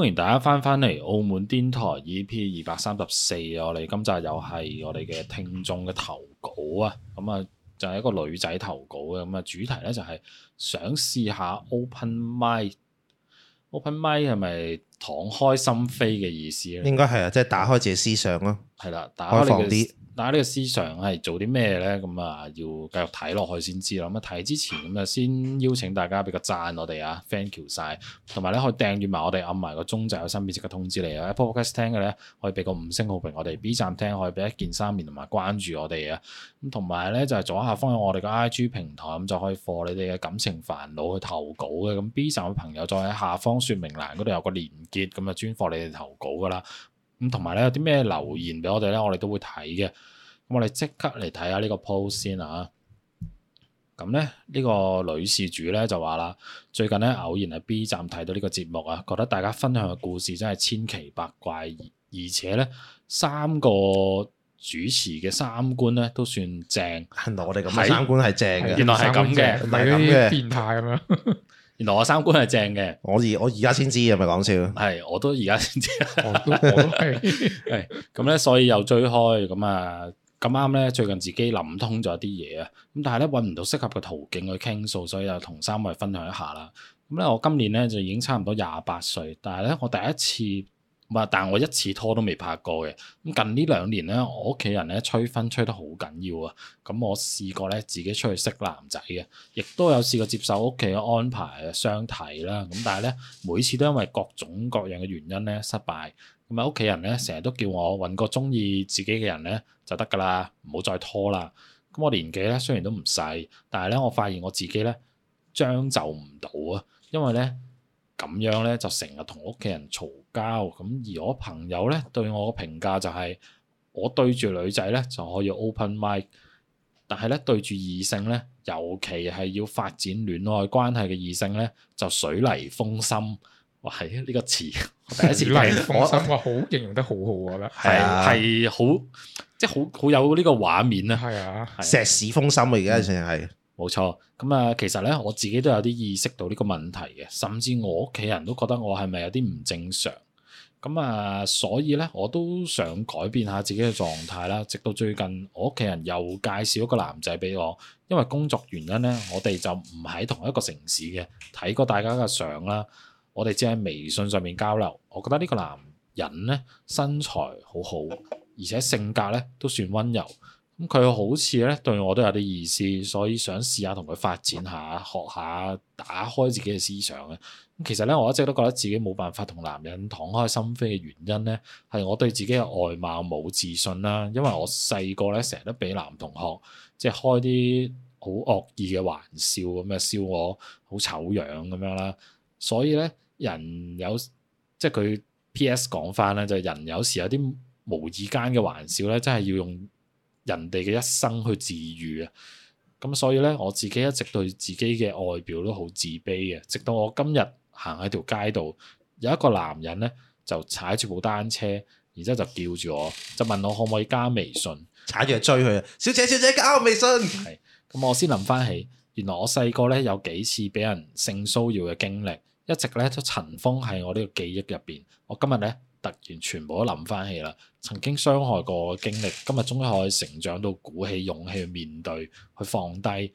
歡迎大家翻翻嚟澳門電台 EP 二百三十四啊！我哋今集又係我哋嘅聽眾嘅投稿啊！咁啊，就係一個女仔投稿嘅咁啊，主題咧就係想試下 open mind，open mind 係咪敞開心扉嘅意思咧？應該係啊，即係打開自己思想咯。係啦，打開你啲，大家呢個思想係做啲咩咧？咁啊，要繼續睇落去先知啦。咁啊，睇之前咁啊，先邀請大家俾個讚我哋啊 ，thank you 晒。同埋咧，可以訂閱埋我哋按埋個鐘就有新片即刻通知你啊。喺 Podcast 聽嘅咧，可以俾個五星好評我哋。B 站聽可以俾一鍵三連同埋關注我哋啊。咁同埋咧就係、是、左下方有我哋個 IG 平台，咁就可以放你哋嘅感情煩惱去投稿嘅。咁 B 站嘅朋友再喺下方説明欄嗰度有個連結，咁啊專放你哋投稿噶啦。咁同埋咧，有啲咩留言俾我哋咧，我哋都會睇嘅。咁我哋即刻嚟睇下呢個 post 先啊。咁咧，呢個女事主咧就話啦，最近咧偶然喺 B 站睇到呢個節目啊，覺得大家分享嘅故事真係千奇百怪，而且咧三個主持嘅三觀咧都算正。我哋咁嘅三觀係正嘅，原來係咁嘅，唔係咁嘅變態咁樣。原來我三觀係正嘅，我而我而家先知，係咪講笑？係，我都而家先知。咁咧， 所以又追開，咁啊咁啱咧。最近自己諗通咗啲嘢啊，咁但係咧揾唔到適合嘅途徑去傾訴，所以又同三位分享一下啦。咁咧，我今年咧就已經差唔多廿八歲，但係咧我第一次。但係我一次拖都未拍過嘅。咁近呢兩年咧，我屋企人咧催婚催得好緊要啊。咁我試過咧自己出去識男仔嘅，亦都有試過接受屋企嘅安排相睇啦。咁但係咧，每次都因為各種各樣嘅原因咧失敗。咁啊，屋企人咧成日都叫我搵個中意自己嘅人咧就得㗎啦，唔好再拖啦。咁我年紀咧雖然都唔細，但係咧我發現我自己咧將就唔到啊，因為咧。咁樣咧就成日同屋企人嘈交，咁而我朋友咧對我嘅評價就係，我對住女仔咧就可以 open mind，但係咧對住異性咧，尤其係要發展戀愛關係嘅異性咧，就水泥封心，哇！係、這、呢個詞第一次聽，我好 形容得好好，我覺得係係好即係好好有呢個畫面啦，係啊，石屎封心啊，而家成係。冇錯，咁啊，其實咧我自己都有啲意識到呢個問題嘅，甚至我屋企人都覺得我係咪有啲唔正常，咁啊，所以咧我都想改變下自己嘅狀態啦。直到最近，我屋企人又介紹一個男仔俾我，因為工作原因咧，我哋就唔喺同一個城市嘅，睇過大家嘅相啦，我哋只喺微信上面交流。我覺得呢個男人咧身材好好，而且性格咧都算溫柔。咁佢好似咧對我都有啲意思，所以想試下同佢發展下，學下打開自己嘅思想嘅。咁其實咧，我一直都覺得自己冇辦法同男人敞開心扉嘅原因咧，係我對自己嘅外貌冇自信啦。因為我細個咧成日都俾男同學即係開啲好惡意嘅玩笑咁啊，笑我好醜樣咁樣啦。所以咧，人有即係佢 P.S. 講翻咧，就係人有時有啲無意間嘅玩笑咧，真係要用人哋嘅一生去治癒啊！咁所以咧，我自己一直對自己嘅外表都好自卑嘅。直到我今日行喺條街度，有一個男人咧就踩住部單車，然之後就叫住我，就問我可唔可以加微信，踩住追佢。啊，「小姐，小姐，加我微信」。係咁，我先諗翻起，原來我細個咧有幾次俾人性騷擾嘅經歷，一直咧都塵封喺我呢個記憶入邊。我今日咧。突然全部都諗翻起啦，曾經傷害過嘅經歷，今日終於可以成長到鼓起勇氣去面對，去放低。咁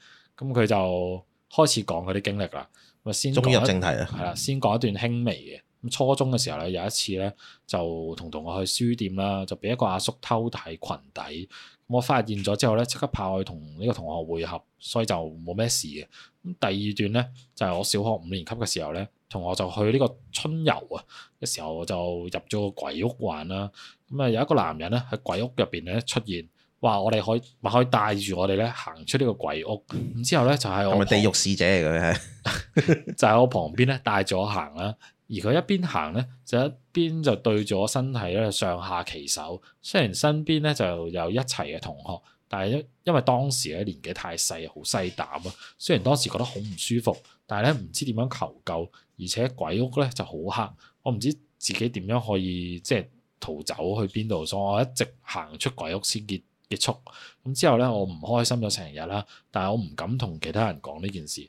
佢就開始講佢啲經歷啦。咁先，入正題啦，係啦，先講一段輕微嘅。咁初中嘅時候咧，有一次咧就同同學去書店啦，就俾一個阿叔偷睇裙底。我發現咗之後咧，即刻跑去同呢個同學會合，所以就冇咩事嘅。咁第二段咧就係我小學五年級嘅時候咧。同學就去呢個春遊啊嘅時候就入咗個鬼屋玩啦。咁啊有一個男人咧喺鬼屋入邊咧出現，話我哋可以，話可以帶住我哋咧行出呢個鬼屋。然、嗯、之後咧就係我哋地獄使者嚟嘅， 就喺我旁邊咧帶咗行啦。而佢一邊行咧就一邊就對咗身體咧上下其手。雖然身邊咧就有一齊嘅同學，但係因因為當時咧年紀太細，好細膽啊。雖然當時覺得好唔舒服。但係咧唔知點樣求救，而且鬼屋咧就好黑，我唔知自己點樣可以即係逃走去邊度，所以我一直行出鬼屋先結結束。咁之後咧我唔開心咗成日啦，但係我唔敢同其他人講呢件事。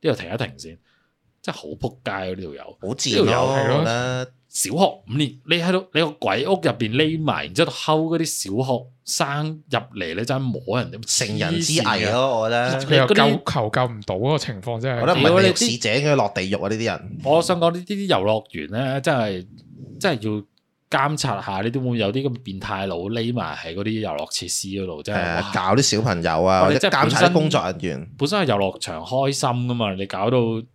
呢度停一停先。真係好撲街啊！的呢度有，好自由係咯。小學五年，你喺度你個鬼屋入邊匿埋，然之後偷嗰啲小學生入嚟，你真係摸人，啊、成人之危咯、啊！我覺得你又救求些救唔到嗰個情況真係，覺得唔係烈士，應該落地獄啊！呢啲人，我想講呢啲啲遊樂園咧，真係真係要監察下，你都唔有啲咁變態佬匿埋喺嗰啲遊樂設施嗰度，真係搞啲小朋友啊，或者監察啲工作人員。本身係遊樂場開心噶嘛，你搞到～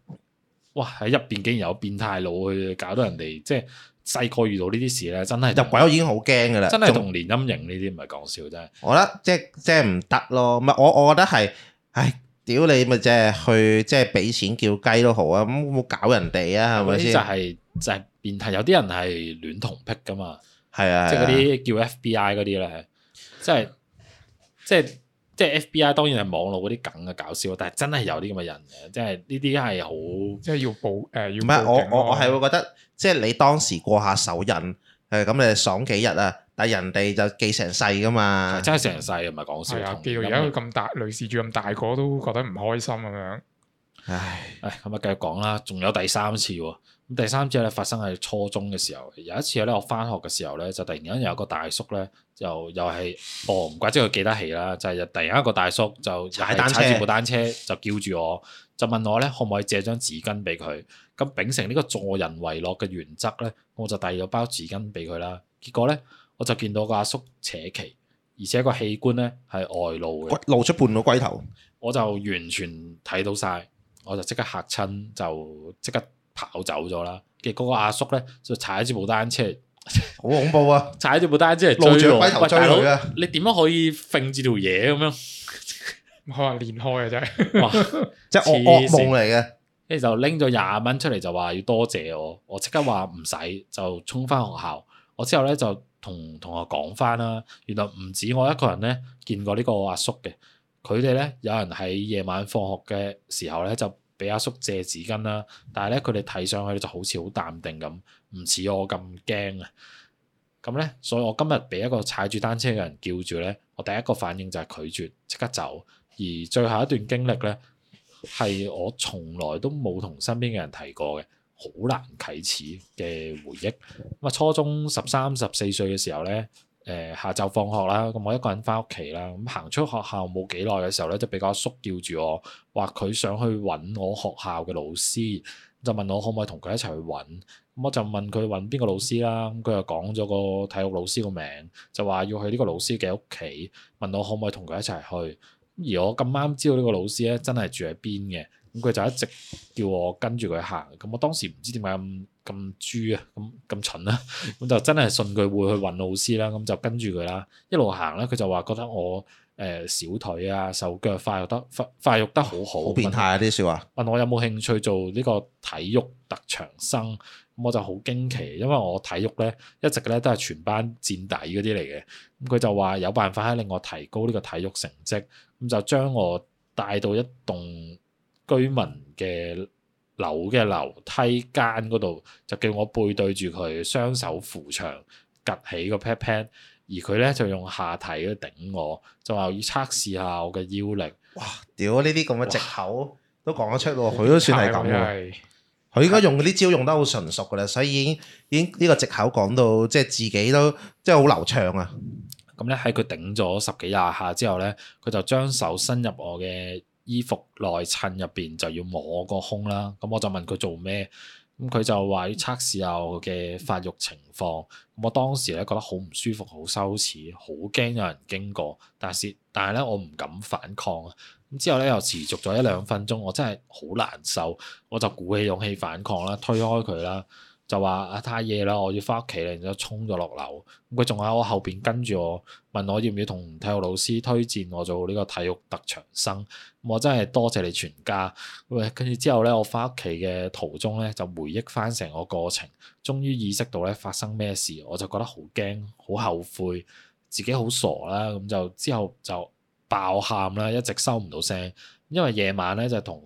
哇！喺入邊竟然有變態佬去搞到人哋，即係細個遇到呢啲事咧，真係入鬼屋已經好驚噶啦！真係童年陰影，呢啲唔係講笑真係。我覺得即係即係唔得咯，唔係，我我覺得係，唉，屌你咪即係去即係俾錢叫雞都好啊，咁好搞人哋啊，係咪先？就係就係變態，有啲人係戀童癖噶嘛，係啊，即係嗰啲叫 FBI 嗰啲咧，即係即係。即係即係即係即係 FBI 當然係網絡嗰啲梗嘅搞笑，但係真係有啲咁嘅人嘅，即係呢啲係好即係要報誒要。咩？我我我係會覺得，即係你當時過下手癮，誒咁你爽幾日啊！但係人哋就記成世噶嘛，真係成世唔係講笑。係啊，記到而家佢咁大，嗯、類似住咁大個都覺得唔開心咁、啊、樣。唉，誒咁啊，繼續講啦，仲有第三次、啊。第三次咧，發生喺初中嘅時候，有一次咧我翻學嘅時候咧就突然間有個大叔咧、哦，就又係哦，唔怪之佢記得起啦，就係突然間個大叔就踩踩住部單車，單車就叫住我，就問我咧可唔可以借張紙巾俾佢。咁秉承呢個助人為樂嘅原則咧，我就遞咗包紙巾俾佢啦。結果咧我就見到個阿叔扯旗，而且個器官咧係外露嘅，露出半個龜頭，我就完全睇到晒，我就即刻吓親，就即刻。跑走咗啦，跟住嗰個阿叔咧就踩住部單車，好恐怖啊！踩住部單車追我，大佬，你點樣可以揈住條嘢咁樣？佢話 練開嘅、啊，真 係哇，即係是惡惡夢嚟嘅。跟住就拎咗廿蚊出嚟，就話要多謝、謝我。我即刻話唔使，就衝翻學校。我之後咧就同同學講翻啦，原來唔止我一個人咧見過個呢個阿叔嘅，佢哋咧有人喺夜晚放學嘅時候咧就。俾阿叔借紙巾啦，但係咧佢哋睇上去就好似好淡定咁，唔似我咁驚啊！咁咧，所以我今日俾一個踩住單車嘅人叫住咧，我第一個反應就係拒絕，即刻走。而最後一段經歷咧，係我從來都冇同身邊嘅人提過嘅，好難啟齒嘅回憶。咁啊，初中十三、十四歲嘅時候咧。誒下晝放學啦，咁我一個人返屋企啦，咁行出學校冇幾耐嘅時候咧，就俾阿叔叔叫住我，話佢想去揾我學校嘅老師，就問我可唔可以同佢一齊去揾。咁我就問佢揾邊個老師啦，咁佢又講咗個體育老師個名，就話要去呢個老師嘅屋企，問我可唔可以同佢一齊去。而我咁啱知道呢個老師咧，真係住喺邊嘅。咁佢就一直叫我跟住佢行，咁我當時唔知點解咁咁豬啊，咁咁蠢啦，咁 就真係信佢會去揾老師啦，咁就跟住佢啦，一路行咧，佢就話覺得我誒、呃、小腿啊、手腳發育得、發育得好好，好變態啊啲説話，是問我有冇興趣做呢個體育特長生，咁我就好驚奇，因為我體育咧一直咧都係全班墊底嗰啲嚟嘅，咁佢就話有辦法喺令我提高呢個體育成績，咁就將我帶到一棟居民嘅樓嘅樓梯間嗰度，就叫我背對住佢，雙手扶牆，趌起個 pat pat，而佢咧就用下體去頂我，就話要測試下我嘅腰力。哇！屌，呢啲咁嘅藉口哇都講得出喎，佢都算係咁嘅。佢而家用嗰啲招用得好純熟噶啦，所以已經已經呢個藉口講到即係自己都即係好流暢啊。咁咧喺佢頂咗十幾廿下之後咧，佢就將手伸入我嘅。衣服內襯入邊就要摸個胸啦，咁我就問佢做咩，咁佢就話要測試下我嘅發育情況。我當時咧覺得好唔舒服、好羞恥、好驚有人經過，但是但係咧我唔敢反抗啊。咁之後咧又持續咗一兩分鐘，我真係好難受，我就鼓起勇氣反抗啦，推開佢啦。就話啊，太夜啦，我要翻屋企啦，然之後衝咗落樓。咁佢仲喺我後邊跟住我，問我要唔要同體育老師推薦我做呢個體育特長生。我真係多謝你全家。跟住之後咧，我翻屋企嘅途中咧就回憶翻成個過程，終於意識到咧發生咩事，我就覺得好驚，好後悔，自己好傻啦。咁就之後就爆喊啦，一直收唔到聲，因為夜晚咧就同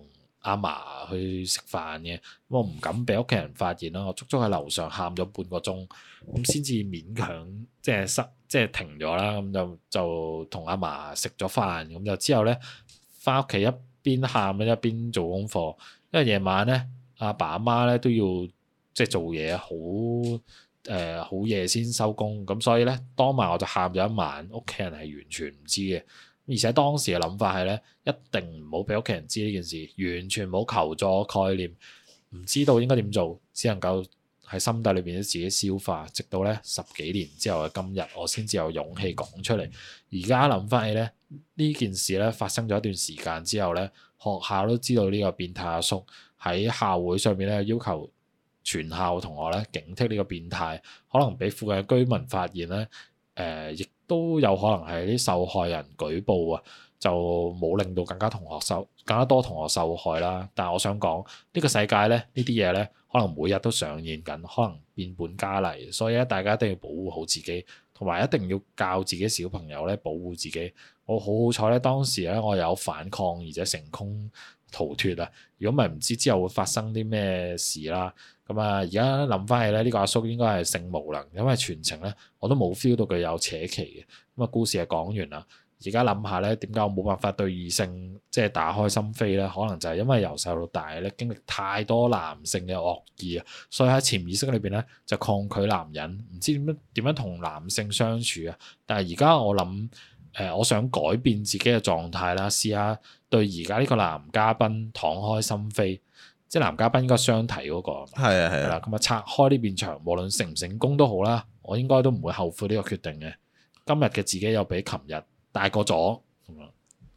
阿嫲去食飯嘅，我唔敢俾屋企人發現啦，我足足喺樓上喊咗半個鐘，咁先至勉強即係塞即係停咗啦，咁就就同阿嫲食咗飯，咁就之後咧返屋企一邊喊咧一邊做功課，因為夜晚咧阿爸阿媽咧都要即係做嘢好誒好夜先收工，咁、呃、所以咧當晚我就喊咗一晚，屋企人係完全唔知嘅。而且當時嘅諗法係咧，一定唔好俾屋企人知呢件事，完全冇求助概念，唔知道應該點做，只能夠喺心底裏邊自己消化。直到咧十幾年之後嘅今日，我先至有勇氣講出嚟。而家諗翻起咧，呢件事咧發生咗一段時間之後咧，學校都知道呢個變態阿叔喺校會上面咧要求全校同學咧警惕呢個變態，可能俾附近嘅居民發現咧，誒、呃、亦，都有可能係啲受害人舉報啊，就冇令到更加同學受更加多同學受害啦。但係我想講呢個世界咧，呢啲嘢咧可能每日都上演緊，可能變本加厲。所以咧，大家一定要保護好自己，同埋一定要教自己小朋友咧保護自己。我好好彩咧，當時咧我有反抗，而且成功逃脫啊！如果唔係唔知之後會發生啲咩事啦。咁啊，而家諗翻起咧，呢個阿叔應該係性無能，因為全程咧我都冇 feel 到佢有扯旗嘅。咁啊，故事係講完啦。而家諗下咧，點解我冇辦法對異性即係打開心扉咧？可能就係因為由細到大咧經歷太多男性嘅惡意啊，所以喺潛意識裏邊咧就抗拒男人，唔知點乜點樣同男性相處啊。但係而家我諗，誒、呃，我想改變自己嘅狀態啦，試下對而家呢個男嘉賓敞開心扉。即係男嘉賓應該相提嗰、嗰個係啊，係啦，咁啊的的拆開呢邊牆，無論成唔成功都好啦，我應該都唔會後悔呢個決定嘅。今日嘅自己又比琴日大個咗，咁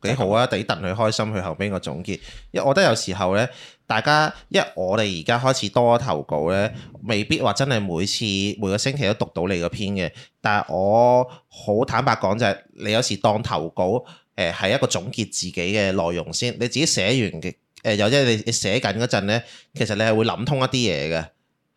幾好啊！啲特佢開心，去後邊個總結，因為我覺得有時候呢，大家因為我哋而家開始多投稿呢，未必話真係每次每個星期都讀到你嘅篇嘅。但係我好坦白講就係，你有時當投稿誒係一個總結自己嘅內容先，你自己寫完嘅。有由於你寫緊嗰陣咧，其實你係會諗通一啲嘢嘅，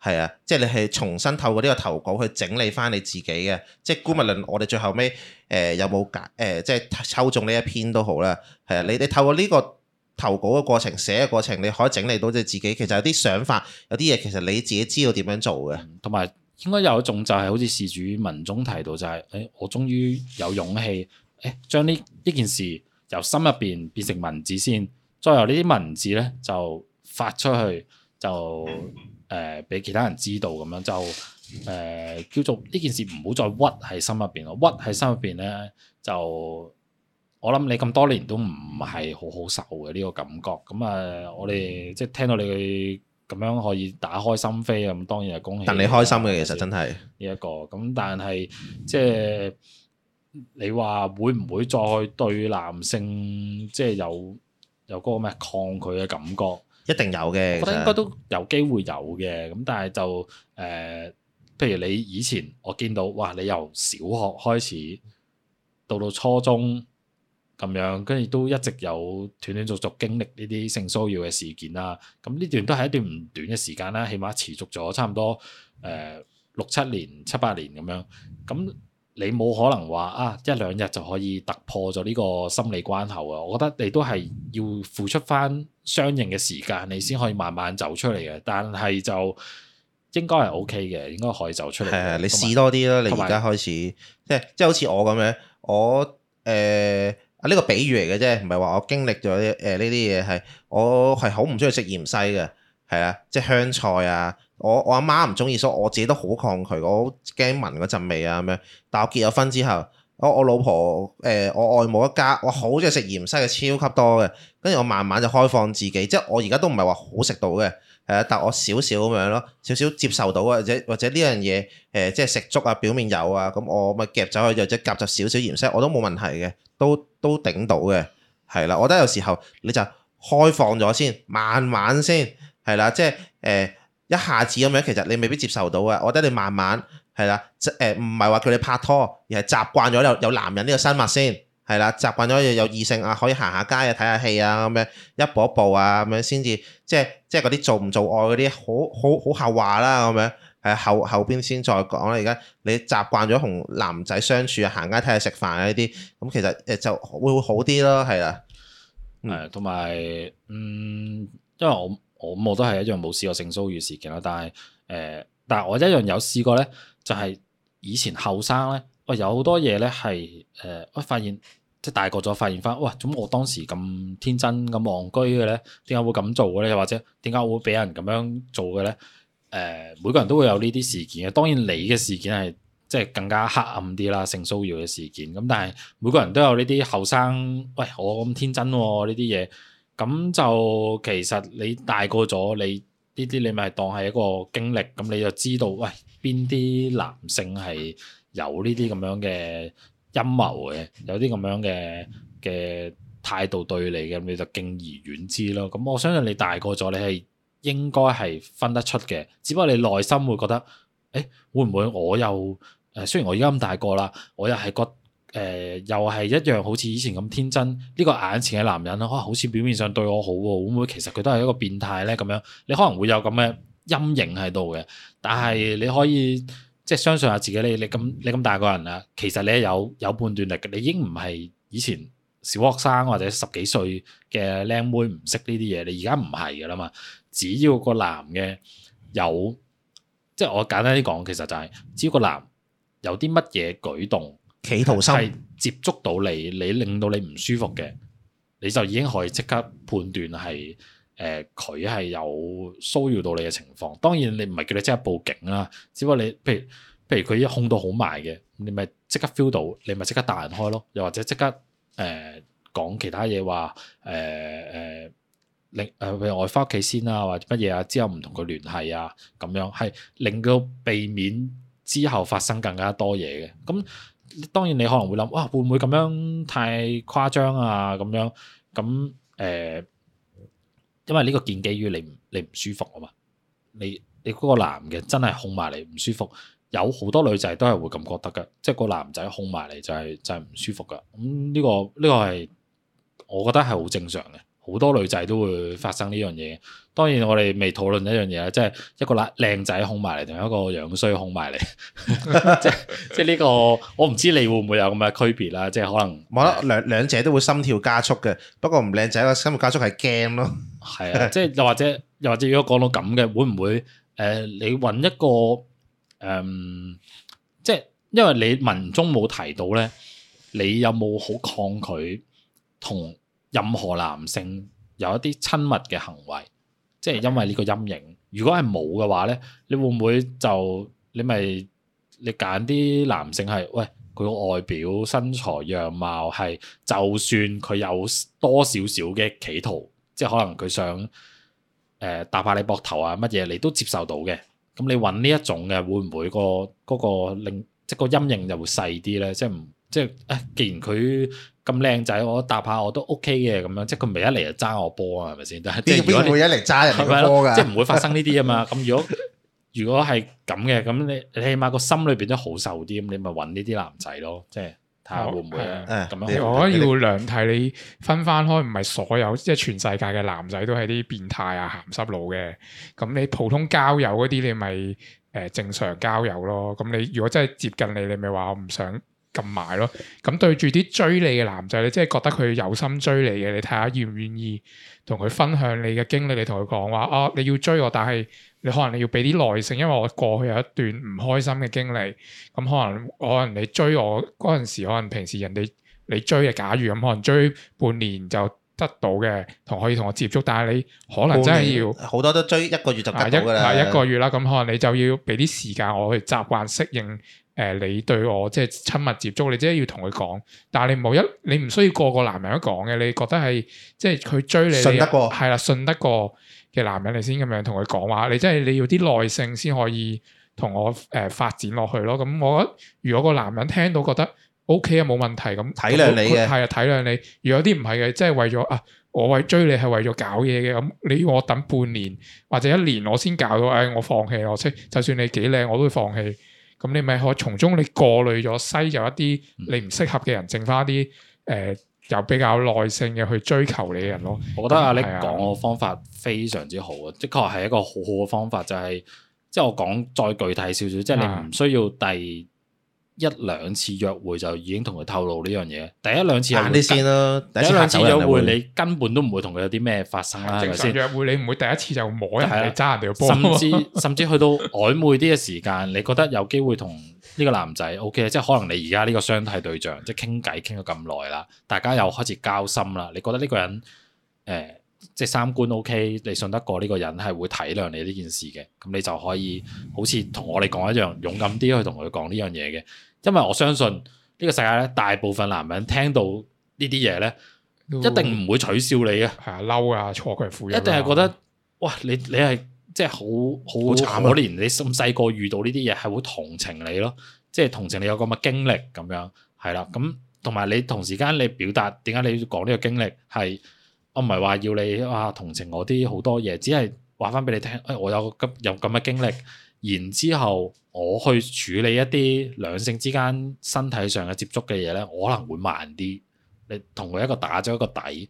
係啊，即係你係重新透過呢個投稿去整理翻你自己嘅，即係姑勿論，我哋最後尾誒有冇揀誒，即係抽中呢一篇都好啦，係啊，你你透過呢個投稿嘅過程寫嘅過程，你可以整理到即係自己其實有啲想法，有啲嘢其實你自己知道點樣做嘅，同埋、嗯、應該有一種就係好似事主文中提到就係、是，誒、哎，我終於有勇氣誒、哎，將呢一件事由心入邊變成文字先。再由呢啲文字咧，就發出去，就誒俾、呃、其他人知道咁樣，就誒、呃、叫做呢件事唔好再屈喺心入邊咯。屈喺心入邊咧，就我諗你咁多年都唔係好好受嘅呢、呢個感覺。咁啊，我哋即係聽到你咁樣可以打開心扉啊，咁當然係恭喜你。但你開心嘅其實真係呢一個咁，但係即係你話會唔會再對男性即係有？有嗰個咩抗拒嘅感覺？一定有嘅，我覺得應該都有機會有嘅。咁但係就誒、呃，譬如你以前我見到，哇！你由小學開始到到初中咁樣，跟住都一直有斷斷續續經歷呢啲性騷擾嘅事件啦。咁呢段都係一段唔短嘅時間啦，起碼持續咗差唔多誒六七年、七八年咁樣。咁你冇可能話啊一兩日就可以突破咗呢個心理關口啊！我覺得你都係要付出翻相應嘅時間，你先可以慢慢走出嚟嘅。但係就應該係 OK 嘅，應該可以走出嚟。係，你試多啲啦！有你而家開始吧，即係即係好似我咁樣，我誒啊呢個比喻嚟嘅啫，唔係話我經歷咗誒呢啲嘢，係我係好唔中意食芫茜嘅，係啊，即係香菜啊。我我阿媽唔中意，所以我自己都好抗拒，我驚聞嗰陣味啊咁樣。但我結咗婚之後，我我老婆誒、呃，我外母一家，我好中意食芫荽嘅，超級多嘅。跟住我慢慢就開放自己，即係我而家都唔係話好食到嘅，係啊，但我少少咁樣咯，少少接受到，或者或者呢樣嘢誒，即係食粥啊，表面有啊，咁、嗯、我咪夾走佢，或者夾就少少芫荽，我都冇問題嘅，都都頂到嘅，係啦。我覺得有時候你就開放咗先，慢慢先，係啦，即係誒。呃一下子咁樣，其實你未必接受到嘅。我覺得你慢慢係啦，即係誒，唔係話叫你拍拖，而係習慣咗有有男人呢個生物先係啦，習慣咗有有異性啊，可以行下街啊，睇下戲啊咁樣，一步一步啊咁樣先至，即係即係嗰啲做唔做愛嗰啲，好好好，好後話啦咁樣，係後後邊先再講啦。而家你習慣咗同男仔相處啊，行街睇下食飯啊呢啲，咁其實誒就會好啲咯，係啊，係同埋嗯，因為我。嗯、我我都係一樣冇試過性騷擾事件啦，但係誒、呃，但係我一樣有試過咧，就係、是、以前後生咧，喂、呃、有好多嘢咧係誒，我、呃、發現即係大個咗發現翻，喂，咁我當時咁天真咁戇居嘅咧，點解會咁做咧？又或者點解會俾人咁樣做嘅咧？誒、呃，每個人都會有呢啲事件嘅，當然你嘅事件係即係更加黑暗啲啦，性騷擾嘅事件咁，但係每個人都有呢啲後生，喂，我咁天真喎呢啲嘢。咁就其實你大個咗，你呢啲你咪當係一個經歷，咁你就知道，喂，邊啲男性係有呢啲咁樣嘅陰謀嘅，有啲咁樣嘅嘅態度對你嘅，咁你就敬而遠之咯。咁我相信你大個咗，你係應該係分得出嘅，只不過你內心會覺得，誒、欸、會唔會我又誒？雖然我而家咁大個啦，我又係覺。誒、呃、又係一樣好似以前咁天真，呢個眼前嘅男人啊，好似表面上對我好喎，會唔會其實佢都係一個變態咧？咁樣你可能會有咁嘅陰影喺度嘅，但係你可以即係相信下自己，你你咁你咁大個人啦，其實你有、有、有判斷力，你已經唔係以前小學生或者十幾歲嘅靚妹唔識呢啲嘢，你而家唔係㗎啦嘛。只要個男嘅有，即係我簡單啲講，其實就係只要個男有啲乜嘢舉動。企圖心係接觸到你，令你令到你唔舒服嘅，你就已經可以即刻判斷係誒佢係有騷擾到你嘅情況。當然你唔係叫你即刻報警啦，只不過你譬如譬如佢一控到好埋嘅，你咪即刻 feel 到，你咪即刻彈開咯，又或者即刻誒、呃、講其他嘢話誒誒令誒譬如我翻屋企先啊，或者乜嘢啊，之後唔同佢聯繫啊，咁樣係令到避免之後發生更加多嘢嘅咁。當然你可能會諗，哇、啊、會唔會咁樣太誇張啊？咁樣咁誒、呃，因為呢個建基於你你唔舒服啊嘛。你你嗰個男嘅真係控埋你唔舒服，有好多女仔都係會咁覺得嘅，即、就、係、是、個男仔控埋你就係、是、就係、是、唔舒服噶。咁、嗯、呢、這個呢、這個係我覺得係好正常嘅，好多女仔都會發生呢樣嘢。當然，我哋未討論一樣嘢，即係一個靚仔控埋嚟，同一個樣衰控埋嚟， 即係、即係、呢個，我唔知你會唔會有咁嘅區別啦，即係可能冇得兩兩者都會心跳加速嘅，不過唔靚仔嘅心跳加速係驚咯，係啊， 即係又或者又或者，或者如果講到咁嘅，會唔會誒、呃？你揾一個誒、呃，即係因為你文中冇提到呢，你有冇好抗拒同任何男性有一啲親密嘅行為？即係因為呢個陰影，如果係冇嘅話咧，你會唔會就你咪你揀啲男性係？喂，佢個外表身材樣貌係，就算佢有多少少嘅企圖，即係可能佢想誒搭下你膊頭啊乜嘢，你都接受到嘅。咁你揾呢一種嘅，會唔會個嗰個令？即個陰影就會細啲咧，即唔即誒，既然佢咁靚仔，我搭下我都 OK 嘅咁樣，即佢未一嚟就揸我波啊，係咪先？但係邊邊會一嚟揸人哋波㗎？即唔會發生呢啲啊嘛。咁 如果如果係咁嘅，咁你你起碼個心裏邊都好受啲。咁你咪揾呢啲男仔咯，即睇下會唔會、哦、啊？咁、啊、樣我要兩睇，你分翻開唔係所有，即全世界嘅男仔都係啲變態啊鹹濕佬嘅。咁你普通交友嗰啲，你咪。誒正常交友咯，咁你如果真係接近你，你咪話我唔想撳埋咯。咁對住啲追你嘅男仔，你真係覺得佢有心追你嘅，你睇下願唔願意同佢分享你嘅經歷，你同佢講話啊，你要追我，但係你可能你要俾啲耐性，因為我過去有一段唔開心嘅經歷。咁、嗯、可能可能你追我嗰陣時，可能平時人哋你追嘅，假如咁可能追半年就。得到嘅同可以同我接觸，但係你可能真係要好多都追一個月就得、啊、一個月啦，咁是的 可能你就要俾啲時間我去習慣適應。誒、呃，你對我即係親密接觸，你即係要同佢講。但係你冇一，你唔需要個個男人都講嘅。你覺得係即係佢追你信得過，係啦，信得過嘅男人你先咁樣同佢講話。你真係你要啲耐性先可以同我誒、呃、發展落去咯。咁我覺得如果個男人聽到覺得。O K 啊，冇、okay，問題咁體諒你嘅，係啊體諒你。如果有啲唔係嘅，即、就、係、是、為咗啊，我追為追你係為咗搞嘢嘅。咁你要我等半年或者一年我，我先搞到，誒我放棄，我即就算你幾靚，我都放棄。咁你咪可、就是、從中你過濾咗篩入一啲你唔適合嘅人，剩翻一啲誒又比較耐性嘅去追求你嘅人咯。我覺得阿 Nick、嗯、講嘅方法非常之好啊，的確係一個好好嘅方法，就係即係我講再具體少少，即係、就是、你唔需要第、嗯。一兩次約會就已經同佢透露呢樣嘢，第一兩次有，先啦。第一兩次，次約會你根本都唔會同佢有啲咩發生啦。正常約會你唔會第一次就摸下，你揸是人，甚至， 甚，至甚至去到曖昧啲嘅時間，你覺得有機會同呢個男仔 OK，即係可能你而家呢個相睇對象，即係傾偈傾咗咁耐啦，大家又開始交心啦，你覺得呢個人誒、呃、即係三觀 OK，你信得過呢個人係會體諒你呢件事嘅，咁你就可以好似同我哋講一樣，勇敢啲去同佢講呢樣嘢嘅。因為我相信呢個世界咧，大部分男人聽到呢啲嘢咧，一定唔會取笑你嘅，係啊嬲啊錯佢婦人，一定係覺得哇你你係即係好好慘，你咁細個遇到呢啲嘢係會同情你咯，即係同情你有咁嘅經歷咁樣，係啦，咁同埋你同時間你表達點解你要講呢個經歷，係我唔係話要你啊同情我啲好多嘢，只係話翻俾你聽，誒我有咁有咁嘅經歷。然之後，我去處理一啲兩性之間身體上嘅接觸嘅嘢咧，我可能會慢啲。你同佢一個打咗一個底，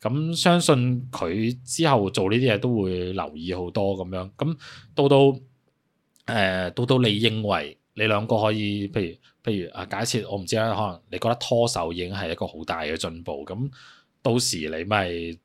咁相信佢之後做呢啲嘢都會留意好多咁樣。咁到到誒、呃，到到你認為你兩個可以，譬如譬如啊，假設我唔知啦，可能你覺得拖手已經係一個好大嘅進步，咁到時你咪。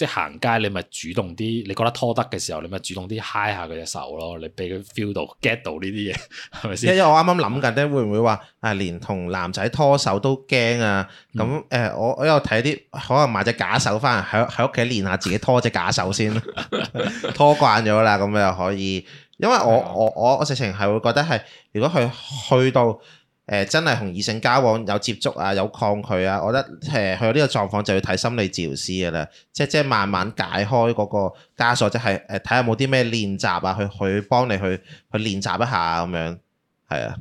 即係行街，你咪主動啲，你覺得拖得嘅時候，你咪主動啲嗨下佢隻手咯，你俾佢 feel 到 get 到呢啲嘢，係咪先？因為我啱啱諗緊咧，會唔會話啊？連同男仔拖手都驚啊！咁誒、嗯呃，我我有睇啲可能買隻假手翻嚟喺喺屋企練下自己拖隻假手先， 拖慣咗啦，咁又可以。因為我我我我直情係會覺得係，如果佢去到。誒真係同異性交往有接觸啊，有抗拒啊，我覺得誒佢呢個狀況就要睇心理治療師嘅啦，即即慢慢解開嗰個枷鎖，即係誒睇下冇啲咩練習啊，去去幫你去去練習一下咁樣，係啊，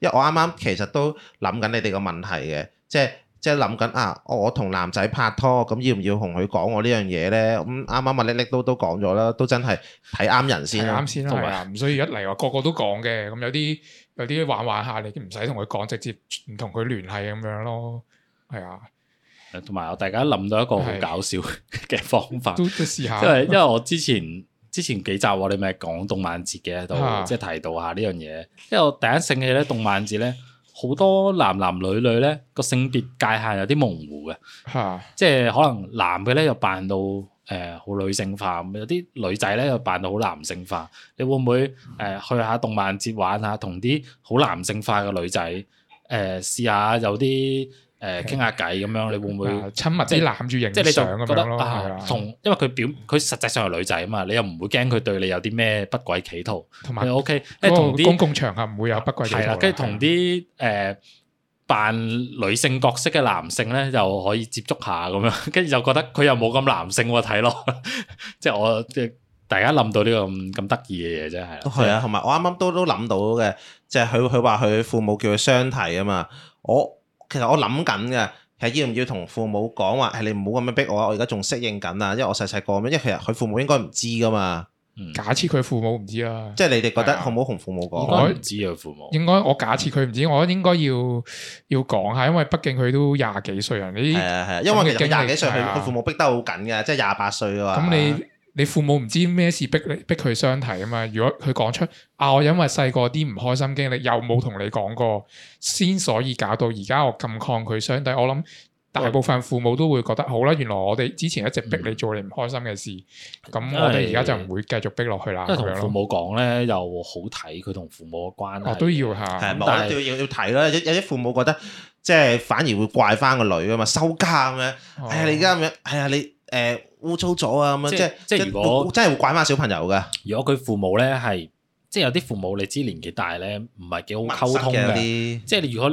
因為我啱啱其實都諗緊你哋個問題嘅，即即諗緊啊，我同男仔拍拖，咁要唔要同佢講我呢樣嘢咧？咁啱啱咪叻叻都都講咗啦，都真係睇啱人先，啱先啦，係啊有，唔需要一嚟話個個都講嘅，咁有啲。有啲玩玩下，你唔使同佢講，直接唔同佢聯繫咁樣咯，係啊。同埋我大家諗到一個好搞笑嘅方法，都都試下。因為因為我之前 之前幾集我哋咪講動漫節嘅喺度，即係提到下呢樣嘢。因為我第一醒起咧動漫節咧，好多男男女女咧個性別界限有啲模糊嘅，係的即係可能男嘅咧又扮到。誒好、呃、女性化咁，有啲女仔咧又扮到好男性化，你會唔會誒、呃、去下動漫節玩下，同啲好男性化嘅女仔誒試下有啲誒傾下偈咁樣，你會唔會親密啲攬住影即係樣你就覺得啊，同因為佢表佢實際上係女仔啊嘛，你又唔會驚佢對你有啲咩不軌企圖，同埋 O K，誒同啲公共場合唔會有不軌企圖，啊、跟住同啲誒。呃扮女性角色嘅男性咧，就可以接觸下咁樣，跟住又覺得佢又冇咁男性睇咯，即係我即係大家諗到呢個咁咁得意嘅嘢真係啦。啊，同埋、啊、我啱啱都都諗到嘅，即係佢佢話佢父母叫佢相睇啊嘛。我其實我諗緊嘅，係要唔要同父母講話係你唔好咁樣逼我，我而家仲適應緊啊，因為我細細個咁，因為其實佢父母應該唔知噶嘛。假設佢父母唔知啊，即係你哋覺得好唔好同父母講？唔該知啊父母，應該我假設佢唔知，嗯、我應該要要講下，因為畢竟佢都廿幾歲人，啲、啊啊，因為其實佢廿幾歲佢、啊、父母逼得好緊嘅，即係廿八歲啊咁、嗯、你你父母唔知咩事逼你逼佢相睇啊嘛？如果佢講出啊，我因為細個啲唔開心經歷，又冇同你講過，先所以搞到而家我咁抗拒相睇。我諗。大部分父母都會覺得好啦，原來我哋之前一直逼你做你唔開心嘅事，咁、嗯、我哋而家就唔會繼續逼落去啦。因為同父母講咧，對吧 又好睇佢同父母嘅關係、哦。都要嚇。係咁是，但係要要睇啦。有啲父母覺得，即係反而會怪翻個女噶嘛，收家咁、哦哎、樣。係、哎、啊，你而家咁樣。係、呃、啊，你誒污糟咗啊咁樣。即係是即係，如果真係會怪翻小朋友噶。如果佢父母咧係，即係有啲父母，你知年紀大咧，唔係幾好溝通啲，即係你如果。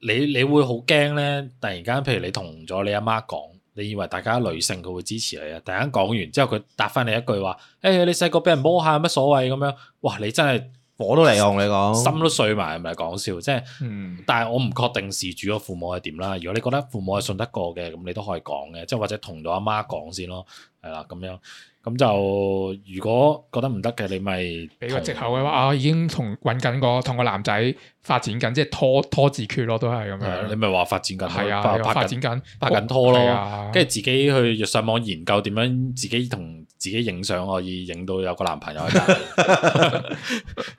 你你會好驚咧？突然間，譬如你同咗你阿媽講，你以為大家女性佢會支持你啊？突然間講完之後，佢答翻你一句話：誒、欸、你細個俾人摸下乜所謂咁樣？哇！你真係火都嚟同你講，心都碎埋，唔係講笑。即係，嗯、但係我唔確定事主個父母係點啦。如果你覺得父母係信得過嘅，咁你都可以講嘅，即係或者同咗阿媽講先咯。係啦，咁樣。咁就如果覺得唔得嘅，你咪俾個借口嘅話，啊已經同揾緊個同個男仔發展緊，即係拖拖字訣咯，都係咁樣。你咪話發展緊，發展緊，拍緊拖咯，跟住自己去上網研究點樣自己同自己影相可以影到有個男朋友，嗰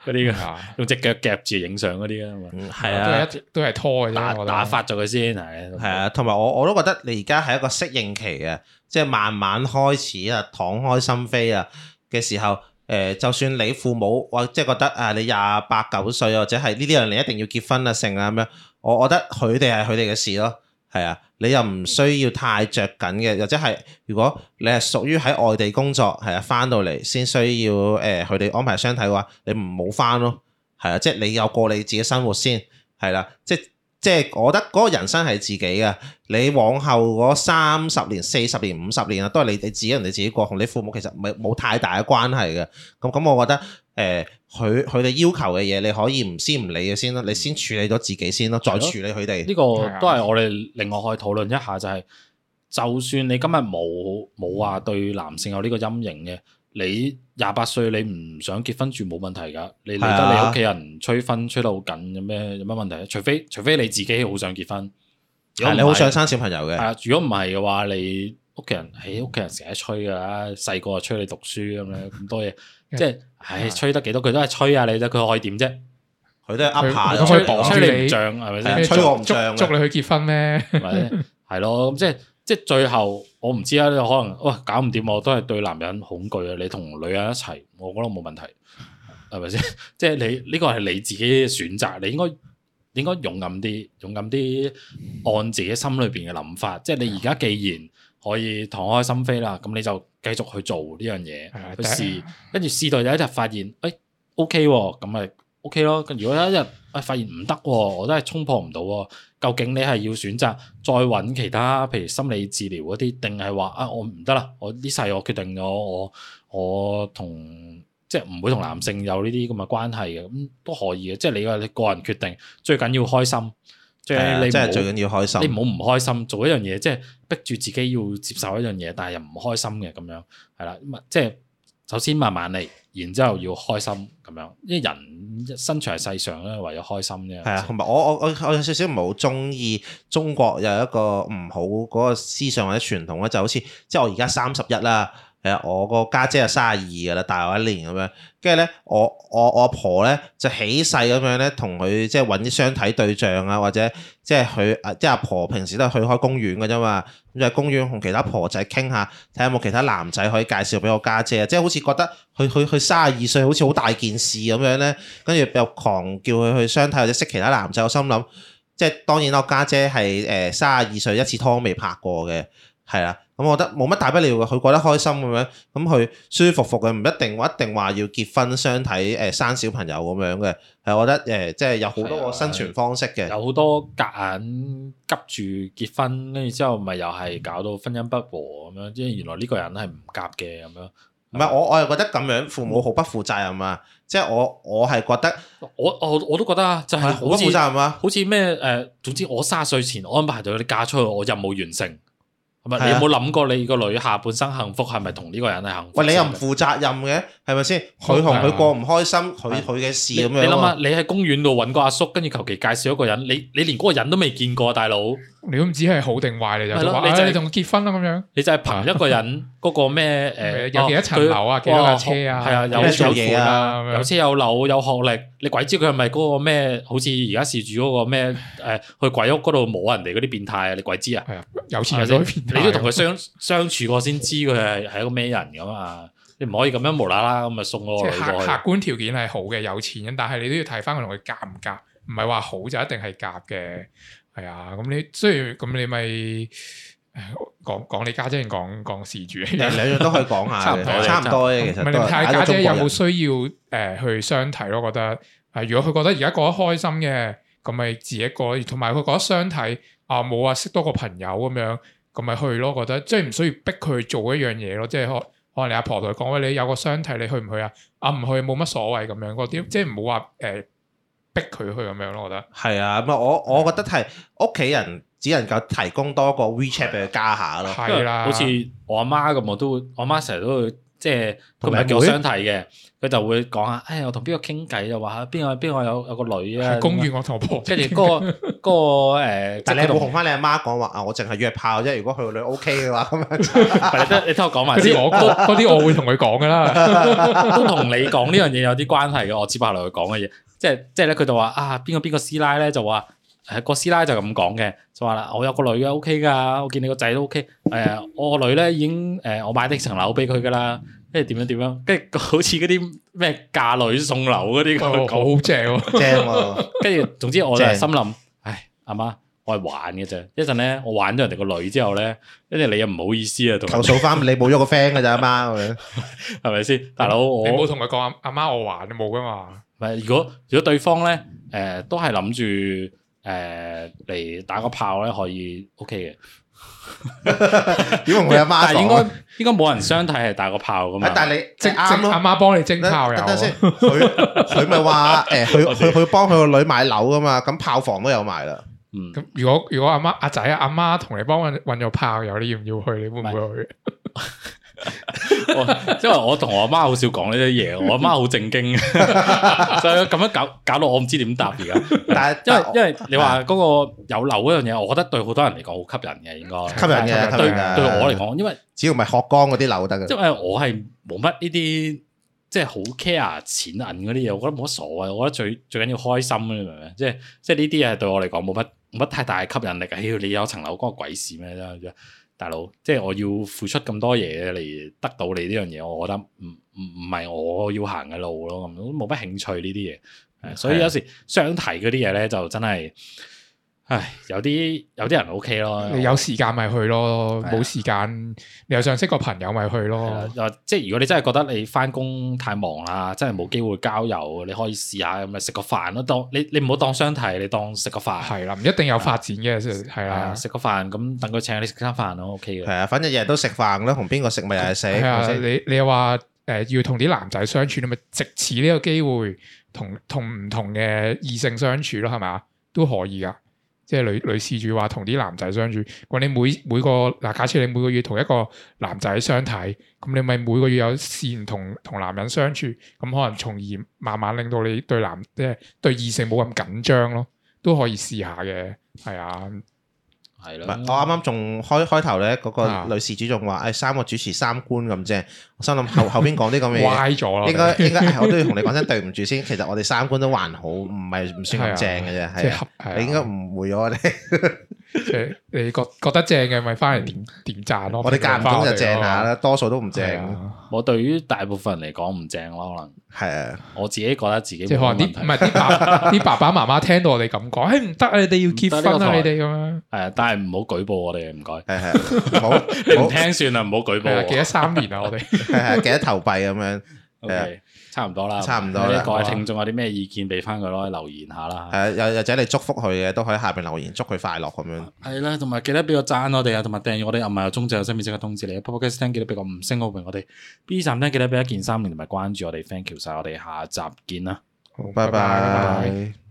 啲用隻腳夾住影相嗰啲啊嘛。係啊，都係拖打發咗佢先係啊。同埋我我都覺得你而家係一個適應期嘅。即係慢慢開始啊，敞開心扉啊嘅時候，誒、呃，就算你父母或即係覺得啊，你廿八九歲或者係呢啲人，你一定要結婚啊，成啊咁樣，我覺得佢哋係佢哋嘅事咯，係啊，你又唔需要太着緊嘅，又或者係如果你係屬於喺外地工作，係啊，翻到嚟先需要誒佢哋安排相睇嘅話，你唔好翻咯，係啊，即係你有過你自己生活先，係啦、啊，即係。即係我覺得嗰個人生係自己嘅，你往後嗰三十年、四十年、五十年啊，都係你你自己人哋自己過，同你父母其實唔係冇太大嘅關係嘅。咁咁，我覺得誒，佢佢哋要求嘅嘢，你可以唔先唔理嘅先啦。你先處理咗自己先咯，嗯、再處理佢哋。呢、呢個都係我哋另外可以討論一下、就係，就係就算你今日冇冇話對男性有呢個陰影嘅。你廿八歲，你唔想結婚住冇問題噶。你理得你屋企人催婚催得好緊，有咩有乜問題啊？除非除非你自己好想結婚，係你好想生小朋友嘅。如果唔係嘅話，你屋企人，誒屋企人成日催噶，細個就催你讀書咁樣，咁多嘢，即係，唉，催得幾多，佢都係催啊！你得佢可以點啫？佢都係噏下，佢可以綁住你唔漲，係咪先？催我唔漲，捉你去結婚咩？係咯，咁即係即係最後。我唔知啊，你可能哇、哎、搞唔掂，我都係對男人恐懼啊。你同女人一齊，我覺得冇問題，係咪先？ 即係你呢、呢個係你自己嘅選擇，你應該應該勇敢啲，勇敢啲按自己心裏邊嘅諗法。即係你而家既然可以敞開心扉啦，咁你就繼續去做呢樣嘢，的去試，跟住的試到有一日發現，誒、哎、，OK 喎、哦，咁咪 OK 咯。如果有一日誒、哎、發現唔得、哦，我都係衝破唔到、哦。究竟你係要選擇再揾其他，譬如心理治療嗰啲，定係話啊，我唔得啦，我呢世我決定咗，我我同即係唔會同男性有呢啲咁嘅關係嘅，咁，嗯，都可以嘅，即係你個你個人決定，最緊要開心，最緊要，啊，即係最緊要開心，你唔好唔開心做一樣嘢，即係逼住自己要接受一樣嘢，但係又唔開心嘅咁樣，係啦，即係。首先慢慢嚟，然之後要開心咁樣，因為人生在世上咧，為咗開心啫。係啊，同埋我我我我有少少唔係好中意中國有一個唔好嗰個思想或者傳統咧，就好似即係我而家三十一啦。係我個家姐啊卅二噶啦，大我一年咁樣。跟住咧，我我我阿婆咧就起勢咁樣咧，同佢即係揾啲相睇對象啊，或者即係佢即係阿婆，婆平時都係去開公園噶啫嘛。咁就喺公園同其他婆仔傾下，睇下有冇其他男仔可以介紹俾我家姐啊。即係好似覺得佢佢佢卅二歲，歲好似好大件事咁樣咧。跟住又狂叫佢去相睇或者識其他男仔。我心諗，即係當然我家姐係誒卅二歲，一次拖未拍過嘅，係啦。咁我覺得冇乜大不了嘅，佢覺得開心咁樣，咁佢舒服服嘅，唔一定話一定話要結婚相睇誒生小朋友咁樣嘅，係我覺得誒即係有好多個生存方式嘅、啊，有好多夾硬,硬急住結婚，跟住之後咪又係搞到婚姻不和咁樣，即係原來呢個人係唔夾嘅咁樣。唔係我我係覺得咁樣父母好不負責任啊！即、就、係、是、我我係覺得我我我都覺得就係好、啊、不負責任啊！好似咩誒，總之我卅歲前安排到你嫁出去，我任務完成。係咪你有冇諗過你個女下半生幸福係咪同呢個人係幸福？喂，係咪？你又唔負責任嘅係咪先？佢同佢過唔開心，佢佢嘅事咁樣。係咪，你諗下，你喺公園度揾個阿叔，跟住求其介紹一個人，你你連嗰個人都未見過，大佬。你都唔知係好定壞，你就話，你就你同佢結婚啦咁樣，你就係憑一個人嗰個咩誒有幾多層樓啊，幾多架車啊，係啊，有乜嘢啊，有車有樓有學歷，你鬼知佢係咪嗰個咩？好似而家事主嗰個咩誒去鬼屋嗰度摸人哋嗰啲變態啊？你鬼知啊？有錢人你都同佢相相處過先知佢係係一個咩人㗎嘛？你唔可以咁樣無啦啦咁啊送我。個客觀條件係好嘅，有錢人，但係你都要睇翻佢同佢夾唔夾，唔係話好就一定係夾嘅。係啊，咁、 嗯、你雖然咁你咪講講你家姐，姐，講講事主，兩樣都可以講下，差唔多。差唔多咧，其實。睇下家姐有冇需要誒、呃、去相睇咯？覺得，如果佢覺得而家過得開心嘅，咁咪自己過同埋佢覺得相睇啊，冇啊，識多個朋友咁樣，咁咪去咯。覺得即係唔需要逼佢做一樣嘢咯。即係可可能你阿婆同佢講喂，你有個相睇，你去唔去啊？啊唔去冇乜所謂咁樣嗰啲，即係唔好話誒。逼佢去咁樣咯，我覺得係啊。咁啊，我我覺得係屋企人只能夠提供多個 WeChat 俾佢加下咯。係啦，好似我阿媽咁，我媽媽都會，我阿媽成日都會即係同埋叫相睇嘅。佢就會講啊，哎、欸，我同邊個傾偈就話，邊個邊個有有個女啊？公園我同婆婆即係嗰個嗰、嗰個誒， 但係你同翻你阿媽講話啊，我淨係約炮啫。如果佢個女 OK 嘅話，咁樣。唔係， 即係你聽我講埋先。我嗰啲我會同佢講噶啦，都同你講呢樣嘢有啲關係嘅。我接下嚟會講嘅嘢。即係即係咧，佢就話啊，邊個邊個師奶咧就話，誒個師奶就咁講嘅，就話啦、呃，我有個女嘅，O K 噶，我見你個仔都 O K，誒我個女咧已經誒我買啲層樓俾佢噶啦，跟住點樣點樣，跟住好似嗰啲咩嫁女送樓嗰啲咁，好正正，跟住總之我就心諗，唉阿媽，我係玩嘅啫，一陣咧我玩咗人哋個女之後咧，跟住你又唔好意思啊，投訴翻你冇咗個 friend 噶咋阿媽，係咪先大佬我？你冇同佢講阿阿媽我玩你冇噶嘛？唔，如果如果對方咧，誒、呃、都係諗住誒嚟打個炮咧，可以 OK 嘅。如果我阿媽講，但係應該應該冇人相睇係打個炮噶嘛。但係你蒸阿媽，媽幫你整炮友啊。先，佢佢咪話誒，佢佢佢幫佢個女買樓噶嘛，咁炮房都有賣啦。咁、嗯、如果如果阿媽阿仔阿媽同你幫佢運咗炮友，你要唔要去？你會唔會去？我 因為我同我媽好少講呢啲嘢， 我媽好正經， 所以咁樣搞搞到我唔知點答而家 為。但係因為因為你話嗰個有樓嗰樣嘢，我覺得對好多人嚟講好吸引嘅，應該吸引嘅對。對對我嚟講，因為只要唔係學光嗰啲樓得，嘅。即係我係冇乜呢啲，即係好 care 錢銀嗰啲嘢，我覺得冇乜所謂。我覺得最最緊要開心，你明唔明？即係即係呢啲嘢對我嚟講冇乜冇太大嘅吸引力。要、哎、你有層樓，關鬼事咩啫？大佬，即係我要付出咁多嘢嚟得到你呢樣嘢，我覺得唔唔唔係我要行嘅路咯。咁冇乜興趣呢啲嘢，係所以有時相提嗰啲嘢咧就真係。唉，有啲有啲人 OK 咯，嗯，有時間咪去咯，冇時間的你又想識個朋友咪去咯。即係如果你真係覺得你翻工太忙啦，真係冇機會交友，你可以試下咁咪食個飯咯。當你你唔好當相睇，你當食個飯係啦，唔一定有發展嘅，係啦的，食個飯咁等佢請你食餐飯都 O K 嘅。係、okay、啊，反正日日都食飯啦，同邊個食咪又係食。你你又話誒要同啲男仔相處咪，值此呢個機會同同唔同嘅異性相處咯，係咪啊都可以噶。即係女女事主話同啲男仔相處，我你每每個嗱，假設你每個月同一個男仔相睇，咁你咪每個月有線同同男人相處，咁可能從而慢慢令到你對男即係、就是、對異性冇咁緊張咯，都可以試下嘅，係啊。係啦，我啱啱仲開開頭咧，嗰、那個女事主仲話，誒的、哎，三個主持三觀咁正，我心諗後後邊講啲咁嘅嘢歪咗啦，應該應該我都要同你講聲對唔住先。其實我哋三觀都還好，唔係唔算咁正嘅啫，係你應該誤會咗我哋。的 你覺得覺得正嘅，咪翻嚟點點贊咯。 我哋間唔中就正下啦， 多數都唔正。的我對於大部分人嚟講唔正咯，可能係啊。我自己覺得自己即係啲唔係啲爸啲爸爸媽媽 聽到我哋咁講，哎唔得啊，你哋要結婚啊，這個、你哋咁樣。係啊，但係唔好舉報我哋，唔該。係係，唔好唔聽算啦，唔好舉報我。記得三年啊？我哋記得投幣咁樣。差唔多啦，差唔多、嗯、各位聽眾有啲咩意見俾翻佢咯，吧留言下啦。係啊，又或者你祝福佢嘅，都可以下邊留言祝佢快樂咁樣。係啦，同埋記得俾個贊我哋啊，同埋訂閱我哋啊，唔係中字有新面積即刻通知你。Podcast 廳記得俾個五星好評我哋，B 站廳記得俾一鍵三連，同埋關注我哋 Thank you 晒，我哋下集見好，拜拜。拜拜拜拜。